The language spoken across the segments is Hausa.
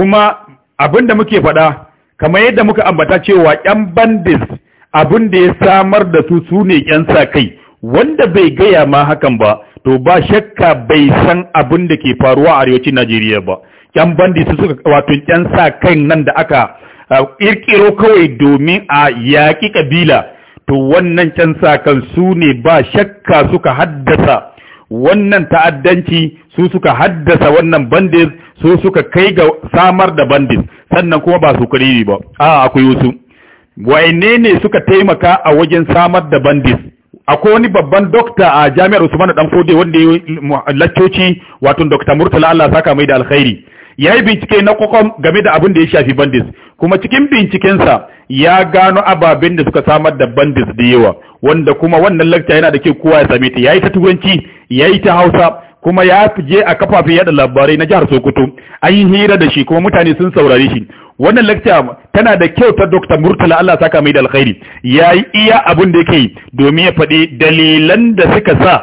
kuma abin da muke faɗa kamar yadda muka ambata cewa yan bandis abin da ya samar da su su ne ƴan sa kai wanda bai gaya ma hakan ba to ba shakka bai san abin da ke faruwa a arewacin Najeriya ba yan bandis suka wato yan sa kai nan da aka ƙirƙiro kawai domin a yaƙi kabila to wannan sa kan su ne ba shakka suka haddasa wannan ta'addanci su suka haddasa wannan bandis su suka kai ga samar da bandit sannan kuma ba su kariri ba a akwai wasu waye ne suka taimaka a wajen samar da bandit akwai wani babban dokta a jami'ar usman dan fode wanda ya laccoci wato dokta murtala Allah saka mai da alkhairi ya yi bincike na kokon game da abin da ya shafi bandis kuma cikin bincikensa ya gano ababen da suka samar da bandis da yawa wanda kuma wannan lakta yana da kyau kowa ya same ta ya yi ta turanci ya yi ta hausa kuma ya je a kafafen yada labarai na jihar Sokoto an yi hira da shi kuma mutane sun saurare shi wannan lecture tana da kyau ta Dr. Murtala Allah saka mai da alkhairi yayi iya abun da yake domin ya faɗi dalilan da suka sa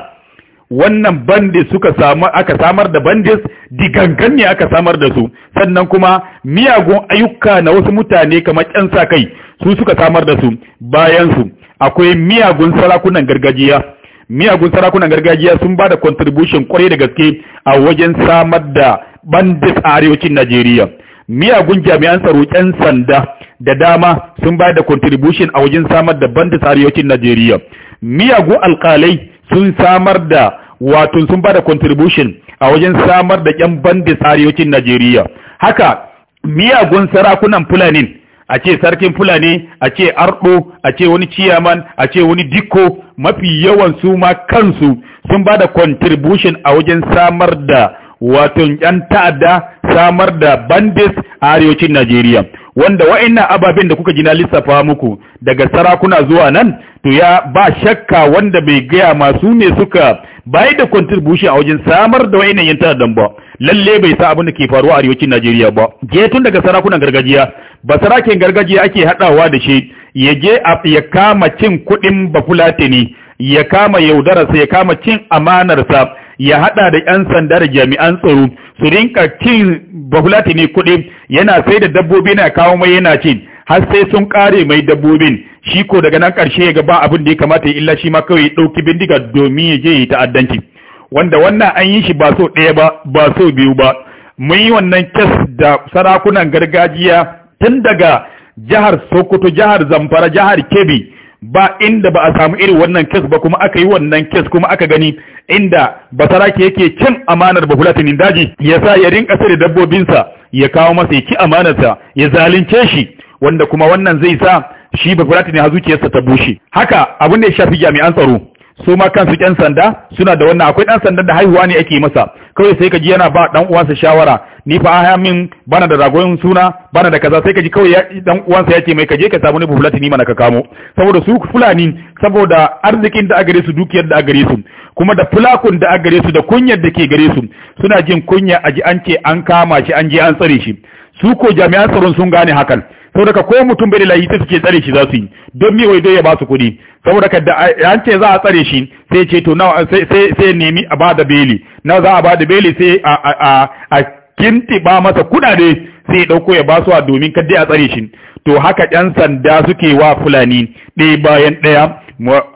wannan bandi suka samu aka samar da bandis digangan ne aka samar da su sannan kuma miyagun ayyuka na wasu mutane kamar ƴan sa kai su suka samar da su bayan su akwai miyagun sarakunan gargajiya miyagun sarakunan gargajiya sun ba da contribution kwarai da gaske a wajen samar da bandit a arewacin Najeriya. Miyagun jami'an tsaro ƴan sanda da dama sun ba da contribution a wajen samar da bandit a arewacin Najeriya. Miyagun alƙalai sun samar da wato sun ba da contribution a wajen samar da ƴan bandit a arewacin Najeriya. Haka miyagun sarakunan Fulani a ce sarkin fulani a ce arɗo a ce wani ciyaman a ce wani dikko mafi yawan su ma kansu sun ba da contribution a wajen samar da waton yan ta'adda samar da bandits a arewacin Najeriya wanda wa'annan ababen da kuka ji na lissafa muku daga sarakuna zuwa nan to ya ba shakka wanda bai gaya masu ne suka bai da contribution a wajen samar da wani yan ta'addan ba lalle bai sa abin da ke faruwa a arewacin Najeriya ba je tun daga sarakunan gargajiya ba sarakin gargajiya ake hadawa da shi ya je ya kama cin kuɗin bafulate ne ya kama yaudararsa ya kama cin amanarsa ya hada da yan sanda da jami'an tsaro su rinka cin bafulate ne kuɗi yana sai da dabbobi na kawo mai yana cin har sai sun kare mai dabbobin shi ko daga nan karshe ya ga ba abin da ya kamata ya illa shi ma kawai ya ɗauki bindiga domin ya je yi ta'addanci wanda wannan an yi shi ba so ɗaya ba ba so biyu ba mun yi wannan kes da sarakunan gargajiya tun daga jihar Sokoto jihar Zamfara jihar Kebbi ba inda ba a samu irin wannan kes ba kuma aka yi wannan kes kuma aka gani inda sarake yake cin amanar ba bafulatinin daji ya sa ya rinka sai da dabbobinsa ya kawo masa ya ci amanarsa ya zalunce shi wanda kuma wannan zai sa shi bafulati ne hazuciyarsa ta bushe haka abin da ya shafi jami'an tsaro su ma kansu ƴan sanda suna da wannan akwai ɗan sanda da haihuwa ne ake masa kawai sai ka ji yana ba ɗan uwansa shawara ni fa a min bana da ragoyin suna bana da kaza sai ka ji kawai ɗan uwansa ya ce mai ka je ka samu ne bufulati ni mana ka kamo saboda su fulani saboda arzikin da a gare su dukiyar da a gare su kuma da fulakun da a gare su da kunyar da ke gare su suna jin kunya a ji an ce an kama shi an je an tsare shi su ko jami'an tsaron sun gane hakan saboda ka ko mutum bai da layi ta suke tsare shi za su yi don mi wai ya ba su kuɗi saboda ka an ce za a tsare shi sai ce to nawa sai sai nemi a bada beli na za a ba da beli sai a a a ba masa kuɗaɗe sai ya ɗauko ya ba su a domin kadda a tsare shi to haka ɗan sanda suke wa fulani ɗaya bayan ɗaya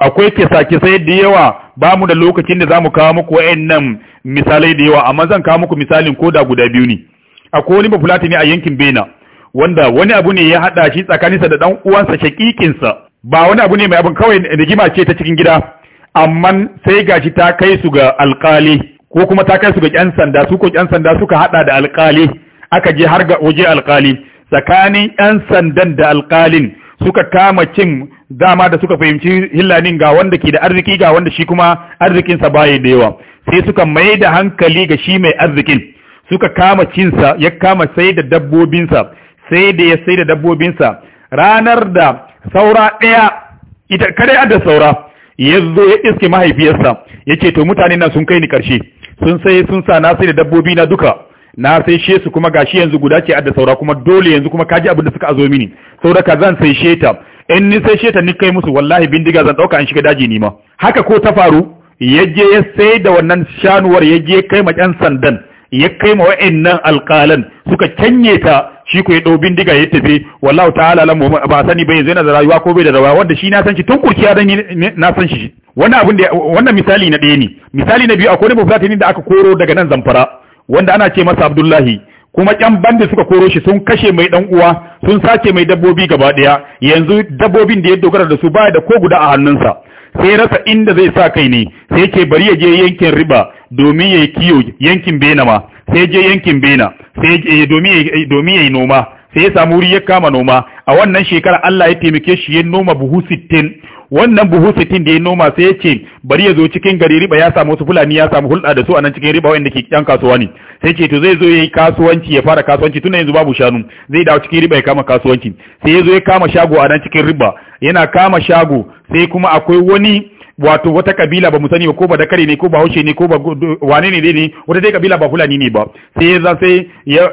akwai kisa-kisai da yawa ba mu da lokacin da za mu kawo muku wa'annan misalai da yawa amma zan kawo muku misalin ko da guda biyu ne akwai wani bafulata a yankin bena wanda wani abu ne ya hada shi tsakaninsa da dan uwansa shakikinsa ba wani abu ne mai abin kawai rigima ce ta cikin gida amma sai gashi ta kai su ga alkali ko kuma ta kai su ga ƴan sanda su ko yan sanda suka haɗa da alkali aka je har ga waje alkali tsakanin ƴan sandan da alkalin suka kama cin dama da suka fahimci hillanin ga wanda ke da arziki ga wanda shi kuma arzikinsa baya da yawa sai suka mai da hankali ga shi mai arzikin suka kama cinsa ya kama sai da dabbobinsa sai da ya sai da dabbobinsa ranar da saura ɗaya ita kare da saura ya zo ya iske mahaifiyarsa ya ce to mutane na sun kai ni ƙarshe sun sai sun sa na sai da dabbobi na duka na sai she su kuma gashi yanzu guda ce da saura kuma dole yanzu kuma kaji abin da suka azo mini saura ka zan sai sheta in ni sai sheta ni kai musu wallahi bindiga zan dauka in shiga daji ni ma haka ko ta faru yaje ya sai da wannan shanuwar yaje kai ma yan sandan ya kai ma wa'annan alƙalan suka canye ta shi ku ya ɗau bindiga ya tafi wallahu ta'ala lamu ba sani ba yanzu yana da rayuwa ko bai da rayuwa wanda shi na san shi tun kurciya dan na san shi wannan misali na ɗaya ne misali na biyu akwai wani da aka koro daga nan zamfara wanda ana ce masa Abdullahi kuma ƴan banda suka koro shi sun kashe mai ɗan uwa sun sace mai dabbobi gaba ɗaya yanzu dabbobin da ya dogara da su baya da ko guda a hannunsa sai rasa inda zai sa kai ne sai ke bari ya je yankin riba domin ya yi kiyo yankin bena ma sai je yankin bena sai eh, domin ya yi eh, noma sai ya samu wuri ya kama noma a wannan shekara Allah ya taimake shi ya noma buhu sittin wannan buhu sittin da ya noma sai ya ce bari ya zo cikin gari riba ya samu wasu fulani ya samu hulɗa da su a nan cikin riba wanda ke yan kasuwa ne sai ce to zai zo ya yi kasuwanci ya fara kasuwanci tuna yanzu babu shanu zai dawo cikin riba ya kama kasuwanci sai ya zo ya kama shago a nan cikin riba yana kama shago sai kuma akwai wani wato wata kabila ba mu sani ba ko ba dakare ne ko ba haushe ne ko ba wane ne dai ne wata dai kabila ba fulani ne ba sai ya za sai ya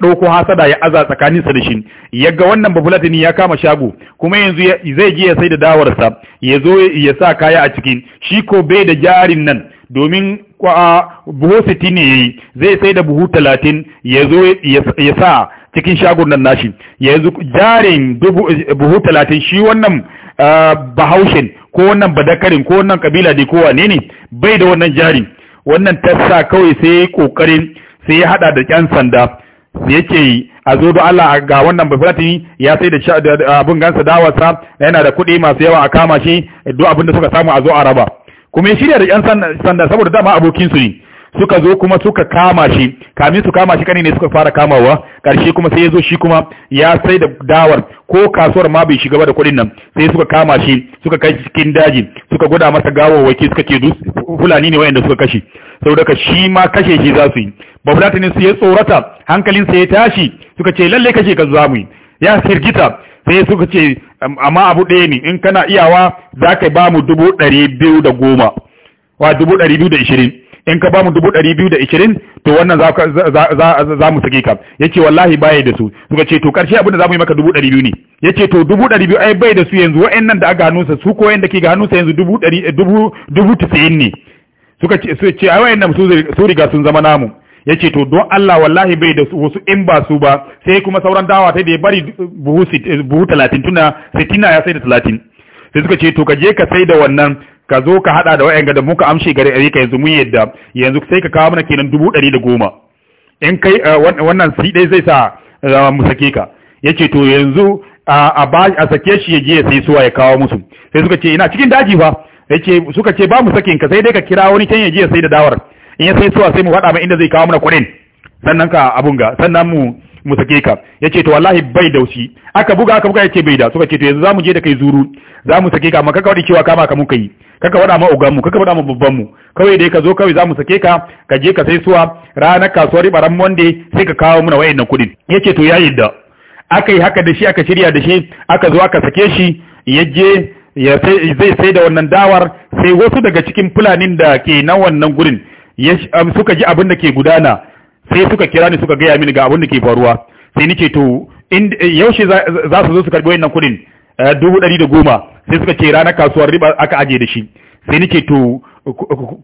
ɗauko hasada ya aza tsakanin sa da shi ya ga wannan ba ne ya kama shago kuma yanzu zai je ya sai da dawarsa ya zo ya sa kaya a cikin shi ko bai da jarin nan domin buhu sittin ne yayi zai sai da buhu talatin ya zo ya sa cikin shagon nan nashi yanzu jarin buhu talatin shi wannan ah, bahaushen ko wannan badakarin ko wannan kabila dai ko wane ne bai da wannan jari wannan tassa kawai sai ya yi kokarin sai ya hada da ƴan sanda ya ce a zo da Allah ga wannan bafulatini ya sai da abin gansa dawarsa yana da kuɗi masu yawa a kama shi duk abin da suka samu a zo a raba kuma ya shirya da ƴan sanda saboda dama abokin su ne suka zo kuma suka kama shi kamin su kama shi kane ne suka fara kamawa karshe kuma sai ya zo shi kuma ya sai da dawar ko kasuwar ma bai shiga ba da kuɗin nan sai suka kama shi suka kai cikin daji suka gwada masa waki suka ce fulani ne wayanda suka kashe saboda shi ma kashe shi za su yi babulatanin su ya tsorata hankalin sa ya tashi suka ce lalle kashe ka za mu yi ya firgita sai suka ce amma abu ɗaya ne in kana iyawa za ka ba mu dubu ɗari biyu da goma wa dubu ɗari biyu da ishirin in ka bamu dubu ɗari biyu da ishirin to wannan za mu saki ka ya ce wallahi baya da su suka ce to ƙarshe abin da za mu yi maka dubu ɗari biyu ne ya ce to dubu ɗari biyu ai bai da su yanzu nan da aka hannunsa su ko da ke ga hannunsa yanzu dubu ɗari dubu tisa'in ne suka ce su ce ai nan su riga sun zama namu ya ce to don Allah wallahi bai da wasu in ba su ba sai kuma sauran dawa ta da ya bari buhu talatin tuna tina ya sai da talatin sai suka ce to ka je ka sai da wannan ka zo ka hada da wayan da muka amshi gare a ka yanzu mun yadda yanzu sai ka kawo mana kenan dubu ɗari da goma in kai eh, wannan si ɗai zai sa eh, mu sake ka yace to yanzu a ba a sake shi ya je ya sai suwa ya kawo musu sai suka ce ina cikin daji fa yace suka ce ba mu sakin ka sai dai ka kira wani can ya je ya sai da dawar in ya sai suwa sai mu faɗa mai inda zai kawo mana kuɗin sannan ka abun ga sannan mu mu sake ka ce to wallahi bai da aka buga aka buga ya ce bai da suka ce to yanzu zamu je da kai zuru zamu sake ka amma kaka wadi cewa kama ka muka yi kaka wada ma ugan mu kaka wada ma babban mu kawai dai ka zo kawai zamu sake ka ka je ka sai suwa ranar kasuwar baran monday sai ka kawo muna wayannan kudin ce to ya da aka yi haka da shi aka shirya da shi aka zo aka sake shi ya je zai sai da wannan dawar sai wasu daga cikin fulanin da ke nan wannan gurin suka ji abin da ke gudana sai suka kira ni suka gaya mini ga abin da ke faruwa sai nike to yaushe za su zo su karbi wannan kuɗin eh, dubu ɗari da goma sai suka ce ranar kasuwar riba aka aje da shi sai nike to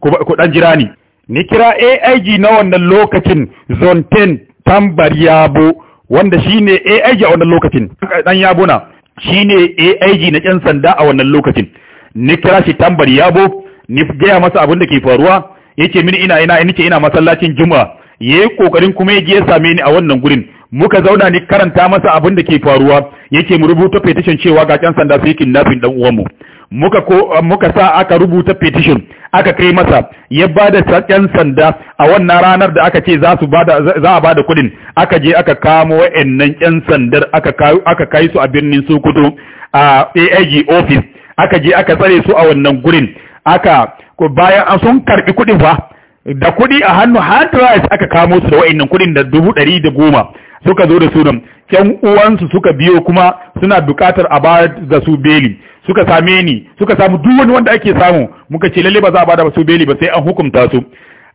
ku ɗan jira ni ni kira AIG na wannan lokacin zone 10 tambar yabo wanda shine AIG a wannan lokacin dan yabo na shine AIG na ƴan sanda a wannan lokacin ni kira shi tambar yabo ni gaya masa abin da ke faruwa yace mini ina ina ce ina masallacin juma'a yi kokarin kuma yaje ya same ni a wannan gurin muka zauna ni karanta masa abin da ke faruwa yake mu rubuta petition cewa ga ƙyan sanda sai kidnapping dan uwan mu muka ko muka sa aka rubuta petition aka kai masa ya bada ƙyan sanda a wannan ranar da aka ce za su bada za a bada kudin aka je aka kamo wayannan ƙyan sandar aka kai aka kai su a birnin Sokoto a AIG office aka je aka tsare su a wannan gurin aka bayan sun karbi kuɗin fa da kuɗi a hannu har da aka kamo su da wa'annan kuɗin da dubu ɗari da goma suka zo da su ƴan uwansu suka biyo kuma suna buƙatar a bayar da su beli suka same ni suka samu duk wani wanda ake samu muka ce lalle ba za a bada su beli ba sai an hukunta su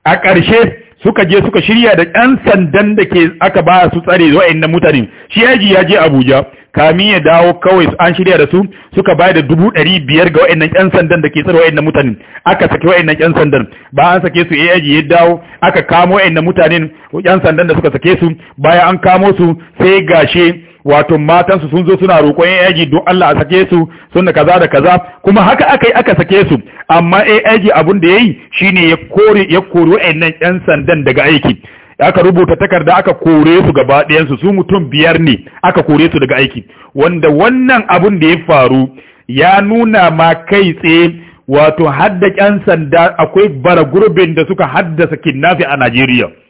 a ƙarshe suka je suka shirya da ƴan sandan da ke aka ba su tsare da wa'annan mutane shi yaji ya je Abuja kamin ya dawo kawai an shirya da su suka bayar da dubu ɗari biyar ga wa'annan ƴan sandan da ke tsare wa'annan mutanen aka saki wa'annan ƴan sandan ba an sake su yayi aji ya dawo aka kamo wa'annan mutanen ƴan sandan da suka sake su bayan an kamo su sai gashe wato matansu sun zo suna roƙon AIG don Allah a sake su sun da kaza da kaza kuma haka aka yi aka sake su amma AIG abin da ya yi shine ya ya kori wa'annan yan sandan daga aiki aka rubuta takarda aka kore su gaba ɗayansu su mutum biyar ne aka kore su daga aiki wanda wannan abun da ya faru ya nuna ma kai tsaye wato hadda 'yan sanda akwai bara gurbin da suka haddasa kinnafi a Najeriya.